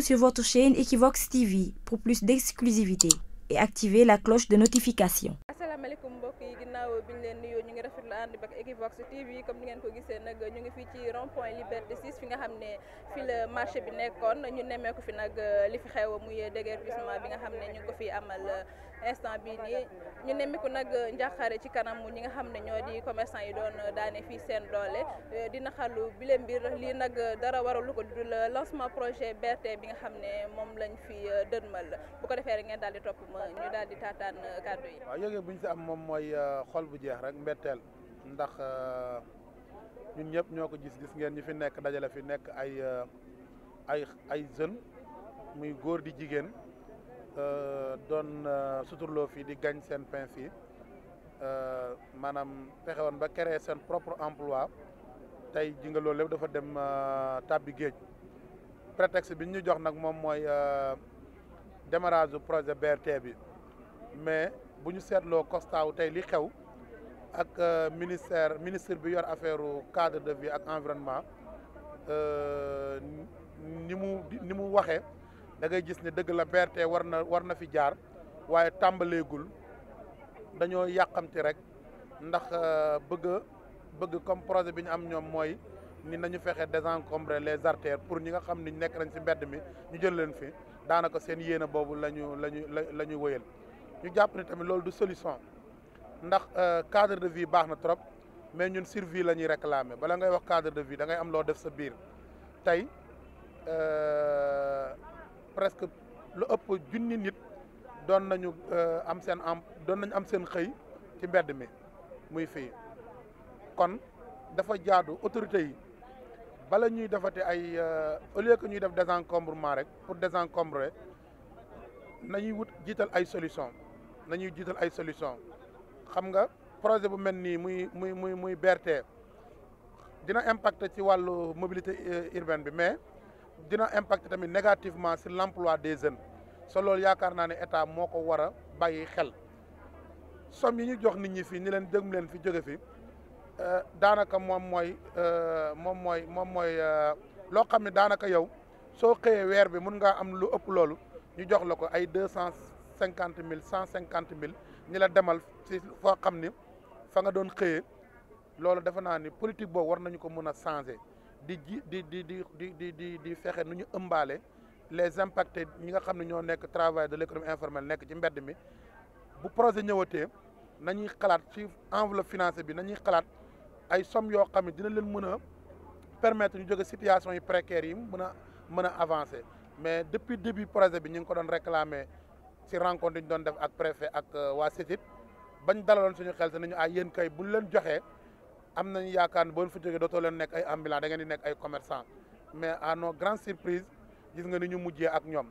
être sur votre chaîne Equivox TV pour plus d'exclusivité et activer la cloche de notification. asalaamaaleykum mbokk yi ginnaaw bi ñu leen nuyoo ñu ngi rafetlu ànd bi ak Equivox TV comme ni ngeen ko gisee nag ñu ngi fii ci rond point Liberté 6 fi nga xam ne fi la marché bi nekkoon ñu nemmeeku fi nag li fi xew muy déguerpissement bi nga xam ne ñu ngi ko fi amal. instant bii nii ñu nemmiku nag njàqare ci kanamu ñi nga xam ne ñoo di commerçant yi doon daane fii seen doole di naxalu bile mbir lii nag dara waralu ko dul lancement projet BRT bi nga xam ne moom lañ fi euh, dënmal bu ko defee rek ngeen daal di topp ma ñu daal di taataan euh, kàddu yi. waaw yëge bu ñu si am moom mooy euh, xol bu jeex rek mbetteel ndax ñun ñëpp ñoo ko gis gis ngeen ñu fi nekk dajale fi nekk ay ay ay muy góor di jigéen. Euh, doon euh, suturloo fii di gañ seen pain fii euh, maanaam pexewoon ba créer seen propre emploi tey ji nga loolu lépp dafa dem tàbbi géej prétexte bi ñu jox nag moom mooy démarrage du projet BRT bi mais bu ñu seetloo constat tey li xew ak ministère ministre bi yor affaire cadre de vie ak environnement ni mu ni mu waxee da ngay gis ne dëgg la BRT war na war na fi jaar waaye tàmbaleegul dañoo yàqamti rek ndax euh, bëgg bëgg comme projet bi ñu am ñoom mooy ni nañu fexe désencombrer les artères pour ñi nga xam ni ñu nekk nañ si mbedd mi ñu jël leen fi daanaka seen yéene boobu la ñu la ñu la ñu wëyal ñu jàpp ni tamit loolu du solution ndax euh, cadre de vie baax na trop mais ñun survie la ñuy réclamer bala ngay wax cadre de vie da ngay am loo def sa biir tey. Euh, presque lu ëpp junni nit doon nañu euh, am seen am doon nañu am seen xëy ci mbedd mi muy fii kon dafa jaadu autorités yi bala ñuy defati ay euh, au lieu que ñuy def désencombrement rek pour désencombrer nañuy wut jiital ay solution nañuy jiital ay solution xam nga projet bu mel nii muy muy muy muy BRT dina impacter ci wàllu mobilité euh, urbaine bi mais dina impact tamit négativement sur l'emploi des jeunes so loolu yaakaar naa ne état moo ko war a bàyyi xel somme yi ñu jox nit ñi fii ni leen jëm leen fi jóge fi euh, daanaka euh, moom mooy moom mooy moom euh, mooy loo xam ne daanaka yow soo xëyee weer bi mun ngaa am lu ëpp loolu ñu jox la ko ay deux cent cinquante mille cent cinquante mille ñi la demal si foo xam ni fa nga doon xëyee loolu defe naa ni politique boobu war nañu ko mën a changé di ji di di di di di di fexe nu ñu ëmbaale les impactés ñi nga xam ne ñoo nekk travail de l'économie informelle nekk ci mbedd mi bu projet ñëwatee nañuy xalaat ci enveloppe financière bi nañuy xalaat ay somme yoo xam ne dina leen mën a permettre ñu jóge situation yi précaires yi mën a mën a avancer mais depuis début projet bi ñu ngi ko doon réclamer si rencontre yi ñu doon def ak préfet ak euh, waa CETID bañ dalaloon suñu xel te nañu ay ah, yéen kay buñ leen joxee am nañu yaakaar ne boo leen fa jógee dootoo leen nekk ay ambulant da ngeen di nekk ay commerçant mais à no grandes surprises gis nga ni ñu mujjee ak ñoom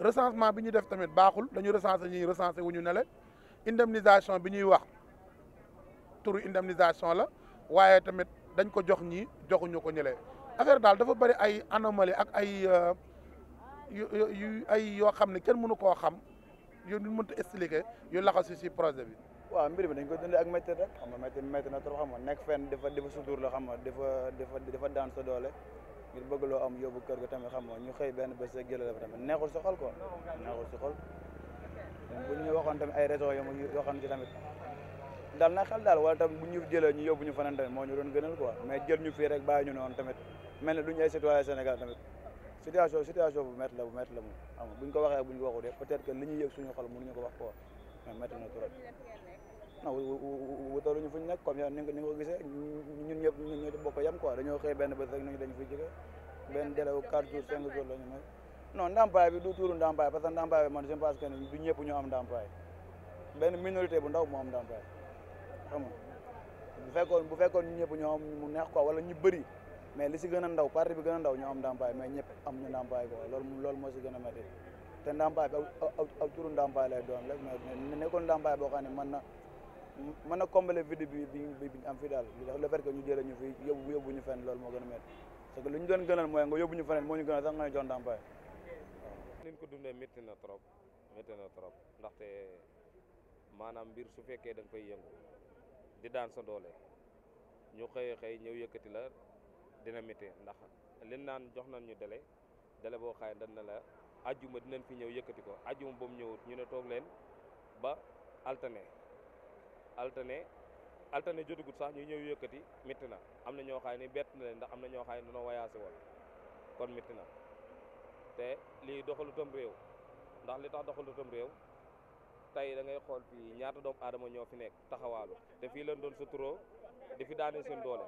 recensement bi ñuy def tamit baaxul dañu recensé ñi recensé wu ñu ne la indemnisation bi ñuy wax turu indemnisation la waaye tamit dañ ko jox ñi joxuñu ko ñëlee affaire daal dafa bëri ay anomalie ak ay euh, ay yoo xam ne kenn mënu koo xam yu ñu mënta expliquer yu laxasu si projet bi waa mbir mi dañ ko dundee ak métti rek xam nga métti métti na trop xam nga nekk fenn dafa dafa sutur la xam nga dafa dafa doole ngir bëgg loo am yóbbu kër ga tamit xam benn bés rek jëlee la fa tamit neexul si xol quoi neexul si xol bu ñu waxoon tamit ay raisons yu yoo tamit dal na xel daal wala tamit bu ñu jëlee ñu yóbbu ñu fanaan tamit moo ñu doon gënal ko mais jël ñu fii rek bàyyi ñu noonu tamit mel ne du ñu ay citoyen Sénégal tamit situation situation bu métti la bu métti la moom xam bu ñu ko waxee bu ñu ko waxul yëpp peut-être que li ñuy yëg suñu xol mënuñu ko wax quoi mais métti na trop non ñu fuñ nekk comme yow ni ni ko gisee ñun ñëpp ñoo ci bokk yem quoi dañoo xëy benn bés rek ñu dañu fiy jóge benn délai wu quatre jours cinq jours la ñu may bi du tuuru ndàmpaay parce que ndàmpaay bi man je ñëpp ñoo am ndàmpaay benn minorité bu ndaw moo am ndàmpaay xam nga bu fekkoon bu fekkoon ñu ñëpp ñoo am mu neex quoi wala ñu bëri mais li si gën a ndaw parti bi gën a ndaw ñoo am ndàmpaay mais ñëpp am ñu ndàmpaay lool loolu loolu moo si gën a métti te ndàmpaay bi aw turu ndàmpaay lay doon rek mais nekkoon ndàmpaay boo xam ne mën na mën a combler vide bi bi bi am fii daal le fait ñu jëlee ñu fi yóbbu ñu fenn loolu moo gën a métti parce que lu ñu doon gënal mooy nga yóbbu ñu feneen moo ñu ne jox métti na trop métti na trop ndaxte maanaam mbir su fekkee da koy yëngu di daan sa doole ñu xëy xëy ñëw yëkkati la dina métti ndax liñ naan jox nañ ñu délai dele boo xaay da na la ajjuma dinañ fi ñëw yëkkati ko ajjuma ba mu ñëwut ñu ne toog leen ba alterné altane altane jotagut sax ñu ñëw yëkkati métti na am na ñoo xam ne bett na leen ndax am na ñoo xam ne dañoo wayaasi woon kon métti na te lii doxalutam réew ndax li tax doxalutam réew tey da ngay xool fii ñaata doomu adama ñoo fi nekk taxawaalu te fii leen doon suturoo di fi daane seen doole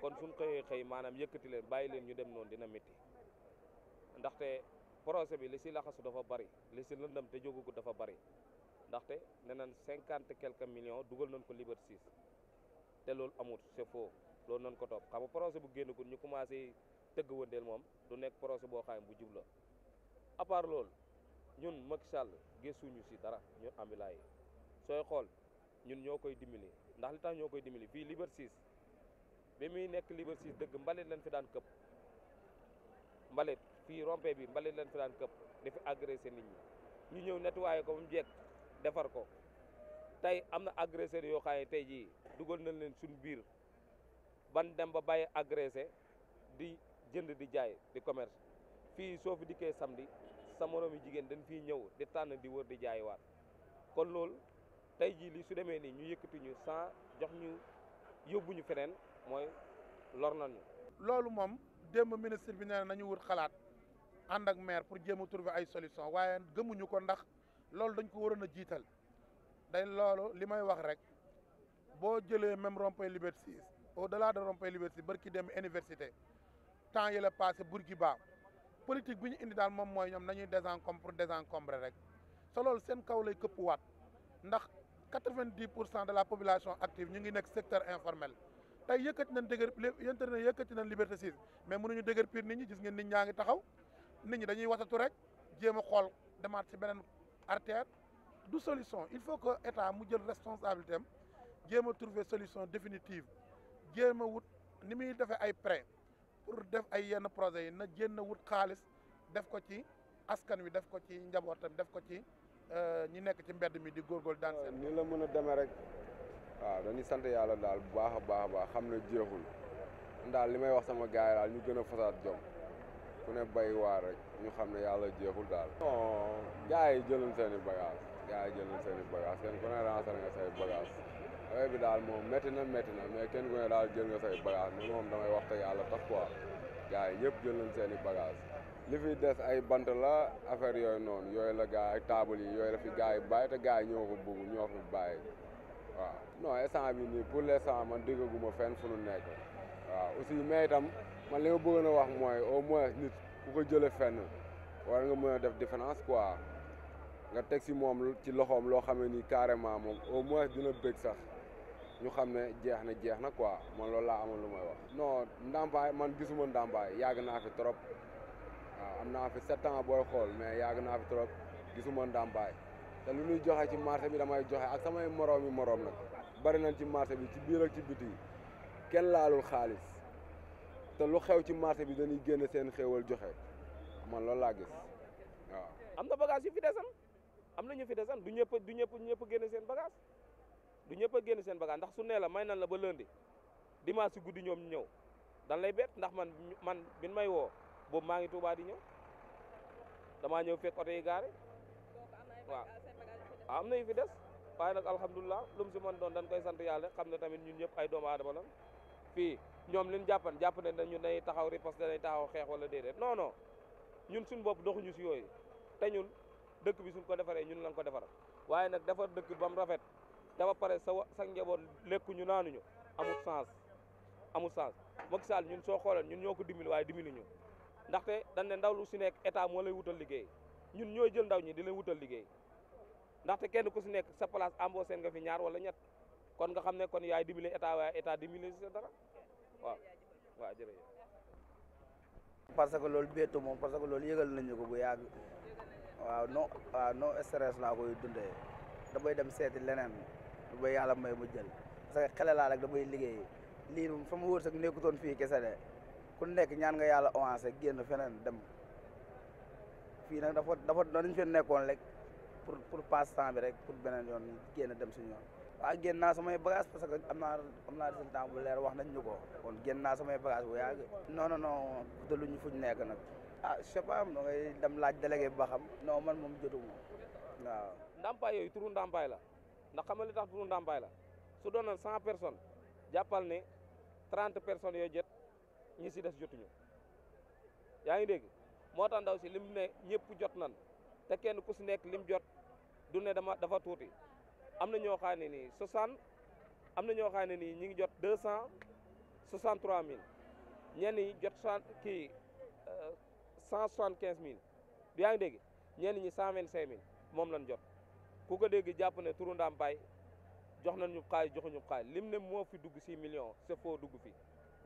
kon suñ xëyee xëy maanaam yëkkati leen bàyyi leen ñu dem noonu dina métti ndaxte procès bi li si laxasu dafa bari li si lëndam te jógugu dafa bari ndaxte nee nañ cinquante quelques millions dugal nañ ko Liberté 6 te loolu amut c'est foo loolu nañ ko topp xam nga projet bu génn ko ñu commencé tëgg wëndeel moom du nekk projet boo xam bu jub la lool part loolu ñun Macky Sall gëstuñu si dara ñu ambulant yi sooy xool ñun ñoo koy dimbali ndax li tax ñoo koy dimbali fii Liberté 6 bi muy nekk Liberté 6 dëgg mbalit lañ fi daan këp mbalit fii rompe bi mbalit lañ fi daan këpp dafi agressé nit ñi ñu ñëw nettoyé ko mu jekk defar ko tey am na agresseur yoo xam yi tey jii dugal nañ leen suñ biir ban dem ba bàyyi agressé di jënd di jaay di commerce fii soo fi dikkee samedi sa yi jigéen dañ fii ñëw di tànn di wër di jaay waat kon loolu tey jii li su demee nii ñu yëkkati ñu jox ñu yóbbuñu feneen mooy lor nañu. loolu moom démb ministre bi nee nañu wut xalaat ànd ak maire pour jéem a trouver ay solution waaye gëmuñu ko ndax loolu dañ ko waroon a jiital day loolu li may wax rek boo jëlee même rond-point Liberté 6 au delà de rond-point Liberté 6 barki dem université temps yi la passé baa politique bi ñu indi daal moom mooy ñoom nañuy désencombre désencombre rek te loolu seen kaw lay waat ndax quatre-vingt-dix pour cent de la population active ñu ngi nekk secteur informel tey yëkkati nañ dëgër yënte na yëkkati nañ liberté 6 mais mënuñu dëgër piir ni ñu gis ngeen ñaa ngi taxaw nit ñi dañuy watatu rek jéem a xool demaat si beneen artère du solution il faut que état mu jël responsabilité am jéem a trouver solution définitive jéem a wut ni muy defee ay prêt pour def ay yenn projets yi na jéem a wut xaalis def ko ci askan wi def ko ci njabootam def ko ci euh, ñi nekk ci mbedd mi di góorgóorlu daan seen. ni la mën a demee rek waaw dañuy sant yàlla daal bu baax a baax a baax xam ne jeexul daal li may wax sama gars yi daal ñu gën a fasaat jom. ku ne bay waar rek ñu xam ne yàlla jeexul daal. non gars yi jëluñ seen i bagages gars yi jëluñ seen i bagages kenn ku ne renseigné nga say bagages affaire bi daal moom métti na métti na mais kenn ku ne daal jël nga say bagages man moom damay wax te yàlla tax quoi gars yi ñëpp jëluñ seen i li fi des ay bant la affaire yooyu noonu yooyu la gaa yi taabal yi yooyu la fi gars yi bàyyi te gaa yi ñoo ko bugg ñoo fi bàyyi waaw non instant bi nii pour l'instant man déggaguma fenn fu nu man li ma bëggoon a wax mooy au moins nit ku ko jëlee fenn war nga mën a def différence quoi nga teg si moom ci loxoom loo xam ne nii carrément moom au moins dina bëgg sax ñu xam ne jeex na jeex na quoi man loolu laa amoon lu may wax. non ndàmpaay man gisuma ndàmpaay yàgg naa fi trop a am naa fi sept xool mais yàgg naa fi trop gisuma ndàmpaay te lu ñuy joxe ci marché bi damay joxe ak samay moroom yi moroom nag bari nañ ci marché bi ci biir ak ci biti kenn laalul xaalis. te lu xew ci marché bi dañuy génn seen xewal joxe man loolu laa gis waaw. am na bagage yu fi desan am na ñu fi desan du ñëpp du ñëpp ñëpp génn seen bagage du ñëpp a génn seen bagage ndax su nee la may nan la ba lundi dimanche si guddi ñoom ñëw dan lay bet ndax man man bin may woo boobu maa ngi Tuubaa di ñëw damaa ñëw fekk oto yi gaare waaw ah, am na yu fi des waaye nag alhamdulilah lu mu si mën doon dan koy sant yàlla xam ne tamit ñun ñëpp ay doomu aadama lan fii ñoom liñ jàppan jàpp ne dañu day taxaw riposte danay taxaw xeex wala déedéet non non ñun suñ bopp doxuñu si yooyu te ñun dëkk bi suñ ko defaree ñun lañ ko defaral waaye nag defar dëkk ba mu rafet dafa pare sa sa njaboot lekkuñu naanuñu amul sens amul sens Macky Sall ñun soo xoolee ñun ñoo ko dimbali waaye dimbali ñu ndaxte dañ ne ndaw lu si nekk état moo lay wutal liggéey ñun ñoo jël ndaw ñi di la wutal liggéey ndaxte kenn ku si nekk sa place embauché nga fi ñaar wala ñett kon nga xam ne kon yaay dimbali état waaye état dimbali si sa dara waaw waaw jërëjëf. parce que loolu bettu moom parce que loolu yëgal nañu ko bu yàgg waaw no waaw non stress laa koy dundee damay dem seeti leneen lu may yàlla may mu jël parce que xele laa rek damay liggéey lii mu moom sama wërsëg nekkutoon fii kese de ku nekk ñaan nga yàlla avancé génn feneen dem fii nag dafa dafa dañ fi nekkoon rek pour pour passe temps rek pour beneen yoon génn dem suñu yoon waaw ah, génn naa samay bagage parce que am naa am naa résultat bu leer wax nañ ñu ko kon génn naa samay bagage bu yàgg non non non te luñ fuñ nekk nag ah je sais pas da dem laaj délégué bi ba xam non man moom jotuma waaw ndàmpaay yooyu turu ndàmpaay la ndax xamal li tax turu ndàmpaay la su doonoon cent personnes jàppal trente personnes yooyu jot ñi si des jotuñu yaa ngi dégg moo tax ndaw si lim ne ñëpp jot nan te kenn ku si nekk lim jot du ne dama dafa tuuti am na ñoo xam ne nii am na ñoo xam nii ñu ngi jot deux cent soixante trois mille ñenn jot soixante kii euh, cent soixante quinze mille du yaa ngi dégg ñenn ñi cent vingt cinq mille moom lañ jot ku ko dégg jàpp ne turu ndàmpaay jox nañ ñu xaay joxuñu xaay lim ne moo fi dugg six million c'est faux dugg fi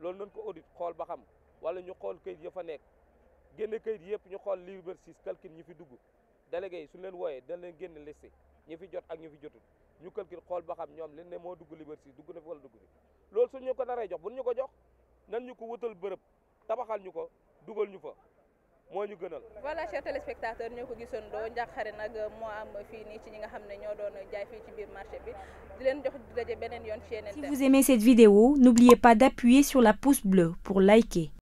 loolu nañ ko audit xool ba xam wala ñu xool këyit ya fa nekk génne këyit yëpp ñu xool livre six calcul ñu fi dugg délégué yi suñ leen wooyee dañ leen génn liste ñu fi jot ak ñu fi jotul ñu calcul xool ba xam ñoom leen ne moo dugg Liberté dugg na fi wala dugg fi loolu suñu ko naree jox bu ñu ko jox nan ñu ko wutal bërëb tabaxal ñu ko dugal ñu fa moo ñu gënal. voilà chers téléspectateurs ñoo ko doo njàqare nag moo am fii nii ci ñi nga xam ne ñoo doon jaay fii ci biir marché bi di leen jox daje beneen yoon ci yeneen. Si vous aimez cette vidéo n'oubliez pas d'appuyer sur la pouce bleue pour liker.